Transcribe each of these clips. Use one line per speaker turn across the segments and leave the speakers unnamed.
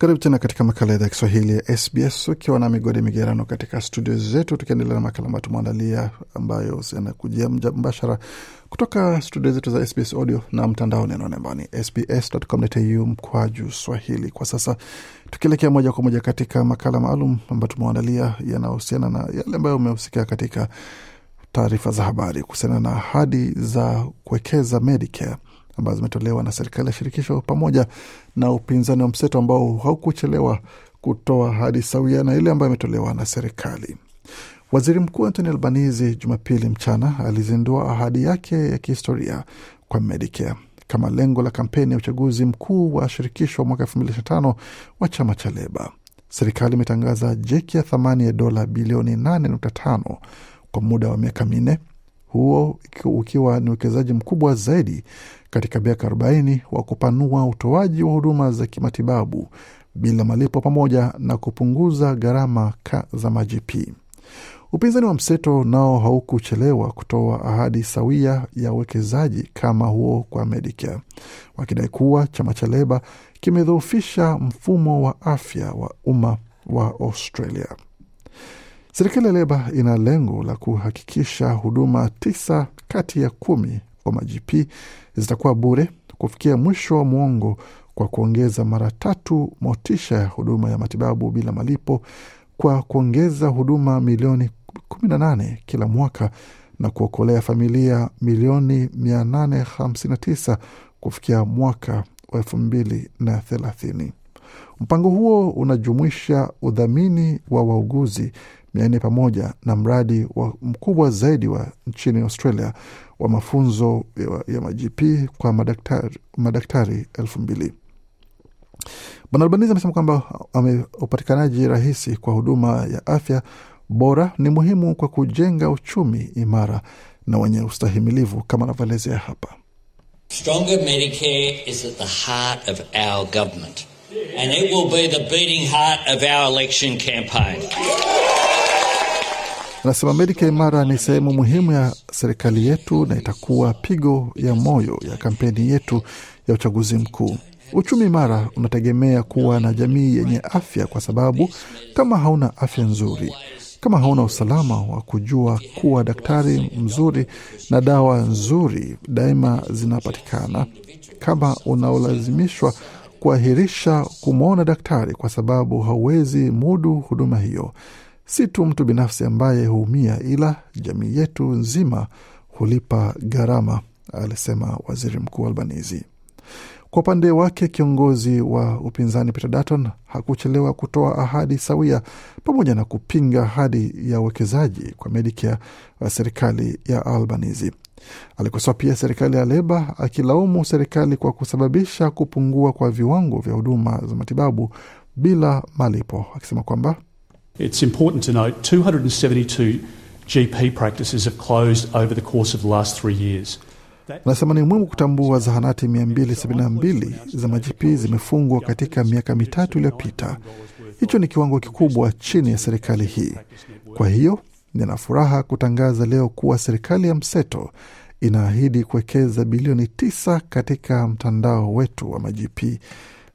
karibu tena katika makala ya idhaa ya Kiswahili ya SBS ukiwa na migodi migerano katika studio zetu, tukiendelea na makala ambayo tumeandalia ambayo yanakujia mbashara kutoka studio zetu za SBS audio na mtandao neno ambao ni sbs.com.au mkwaju swahili. Kwa sasa tukielekea moja kwa moja katika makala maalum ambayo tumeandalia yanahusiana na yale ambayo umehusikia katika taarifa za habari kuhusiana na ahadi za kuwekeza Medicare ambazo zimetolewa na serikali ya shirikisho pamoja na upinzani wa mseto ambao haukuchelewa kutoa hadi sawia na ile ambayo imetolewa na serikali. Waziri Mkuu Anthony Albanese Jumapili mchana alizindua ahadi yake ya kihistoria kwa Medicare kama lengo la kampeni ya uchaguzi mkuu wa shirikisho mwaka 2025 wa chama cha Leba. Serikali imetangaza jeki ya thamani ya dola bilioni 8.5 kwa muda wa miaka minne, huo ukiwa ni uwekezaji mkubwa zaidi katika miaka 40 wa kupanua utoaji wa huduma za kimatibabu bila malipo pamoja na kupunguza gharama za majipi. Upinzani wa mseto nao haukuchelewa kutoa ahadi sawia ya uwekezaji kama huo kwa Medicare, wakidai kuwa chama cha Leba kimedhoofisha mfumo wa afya wa umma wa Australia. Serikali ya Leba ina lengo la kuhakikisha huduma tisa kati ya kumi kwa ma zitakuwa bure kufikia mwisho wa mwongo kwa kuongeza mara tatu motisha ya huduma ya matibabu bila malipo kwa kuongeza huduma milioni 18 kila mwaka na kuokolea familia milioni 859 kufikia mwaka wa 2030. Mpango huo unajumuisha udhamini wa wauguzi 400 pamoja na mradi wa mkubwa zaidi wa nchini Australia wa mafunzo ya majp kwa madaktari, madaktari elfu mbili. Bwana Albanizi amesema kwamba upatikanaji rahisi kwa huduma ya afya bora ni muhimu kwa kujenga uchumi imara na wenye ustahimilivu kama anavyoelezea hapa. Stronger Medicare is at the heart of our government and it will be the beating heart of our election campaign. Anasema Amerika Imara ni sehemu muhimu ya serikali yetu na itakuwa pigo ya moyo ya kampeni yetu ya uchaguzi mkuu. Uchumi imara unategemea kuwa na jamii yenye afya, kwa sababu kama hauna afya nzuri, kama hauna usalama wa kujua kuwa daktari mzuri na dawa nzuri daima zinapatikana, kama unaolazimishwa kuahirisha kumwona daktari kwa sababu hauwezi mudu huduma hiyo, si tu mtu binafsi ambaye huumia, ila jamii yetu nzima hulipa gharama, alisema waziri mkuu Albanizi. Kwa upande wake kiongozi wa upinzani Peter Dutton hakuchelewa kutoa ahadi sawia pamoja na kupinga ahadi ya uwekezaji kwa Medicare wa uh, serikali ya Albanizi. Alikosoa pia serikali ya Leba akilaumu serikali kwa kusababisha kupungua kwa viwango vya huduma za matibabu bila malipo, akisema kwamba It's important to note 272 GP practices have closed over the course of the last three years. Anasema ni muhimu kutambua zahanati 272 za majipi zimefungwa katika miaka mitatu iliyopita. Hicho ni kiwango kikubwa chini ya serikali hii. Kwa hiyo nina furaha kutangaza leo kuwa serikali ya mseto inaahidi kuwekeza bilioni tisa katika mtandao wetu wa majipi,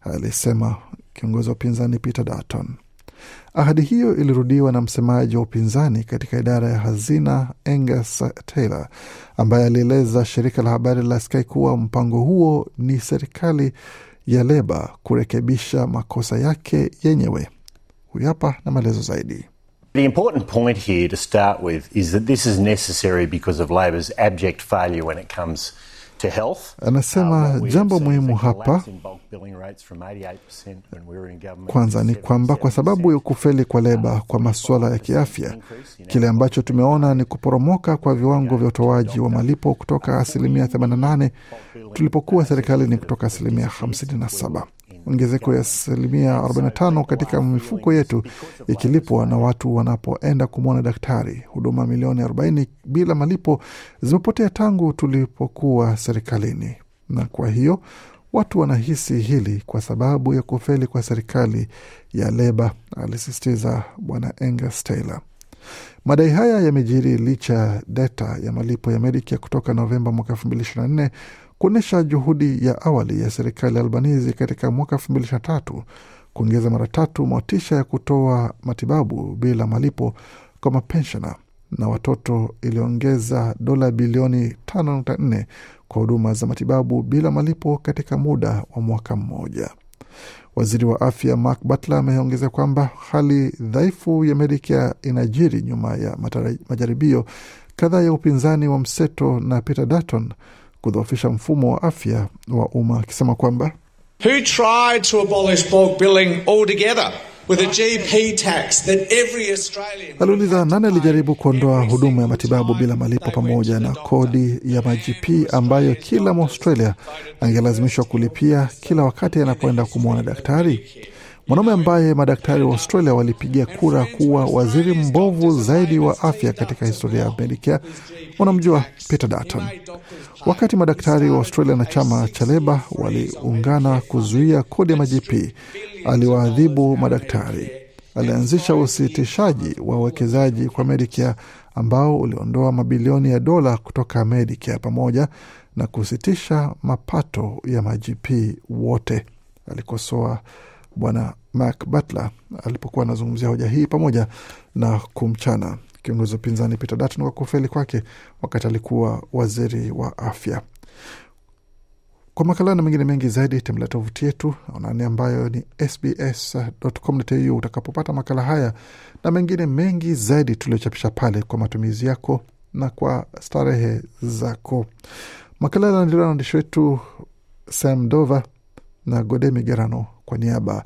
alisema kiongozi wa upinzani Peter Dutton. Ahadi hiyo ilirudiwa na msemaji wa upinzani katika idara ya hazina Angus Taylor, ambaye alieleza shirika la habari la Sky kuwa mpango huo ni serikali ya Leba kurekebisha makosa yake yenyewe. Huyu hapa na maelezo zaidi. The important point here to start with is that this is necessary because of Labor's abject failure when it comes Anasema uh, jambo muhimu hapa kwanza ni kwamba kwa sababu ya kufeli kwa leba kwa masuala ya kiafya, kile ambacho tumeona ni kuporomoka kwa viwango vya utoaji wa malipo kutoka asilimia 88 tulipokuwa serikalini kutoka asilimia 57 ongezeko ya asilimia 45 katika mifuko yetu ikilipwa na watu wanapoenda kumwona daktari. Huduma milioni 40 bila malipo zimepotea tangu tulipokuwa serikalini, na kwa hiyo watu wanahisi hili kwa sababu ya kufeli kwa serikali ya Leba, alisisitiza Bwana Angus Taylor. Madai haya yamejiri licha data ya malipo ya Medicare kutoka Novemba mwaka 2024 kuonyesha juhudi ya awali ya serikali ya Albanizi katika mwaka 2023 kuongeza mara tatu motisha ya kutoa matibabu bila malipo kwa mapenshona na watoto iliongeza dola bilioni 5.4 kwa huduma za matibabu bila malipo katika muda wa mwaka mmoja. Waziri wa afya Mark Butler ameongeza kwamba hali dhaifu ya Medicare inajiri nyuma ya majaribio kadhaa ya upinzani wa mseto na Peter Dutton kudhoofisha mfumo wa afya wa umma akisema kwamba Who tried to abolish bulk billing altogether? Aliuliza, nani alijaribu kuondoa huduma ya matibabu bila malipo pamoja na kodi ya majp ambayo kila Mwaustralia angelazimishwa kulipia kila wakati anapoenda kumwona daktari? mwanaume ambaye madaktari wa Australia walipigia kura kuwa waziri mbovu zaidi wa afya katika historia ya Medicare. Unamjua Peter Dutton. Wakati madaktari wa Australia na chama cha Leba waliungana kuzuia kodi ya majipi, aliwaadhibu madaktari. Alianzisha usitishaji wa uwekezaji kwa Medicare ambao uliondoa mabilioni ya dola kutoka Medicare pamoja na kusitisha mapato ya majipi wote. Alikosoa Bwana Mark Butler alipokuwa anazungumzia hoja hii pamoja na kumchana kiongozi wa upinzani Peter Dutton kwa kufeli kwake wakati alikuwa waziri wa afya. Kwa makala na mengine mengi zaidi tembelea tovuti yetu anani ambayo ni sbs.com.au utakapopata makala haya na mengine mengi zaidi tuliochapisha pale kwa matumizi yako na kwa starehe zako. Makala yanaandiliwa na waandishi wetu Sam Dover na Gode Migerano kwa niaba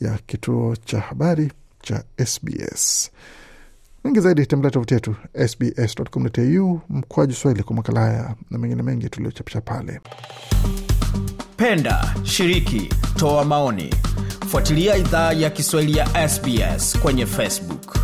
ya kituo cha habari cha SBS. Mengi zaidi tembelea tovuti yetu sbs.com.au mkoaji swahili kwa makala haya na mengine mengi tuliochapisha pale. Penda, shiriki, toa maoni, fuatilia idhaa ya Kiswahili ya SBS kwenye Facebook.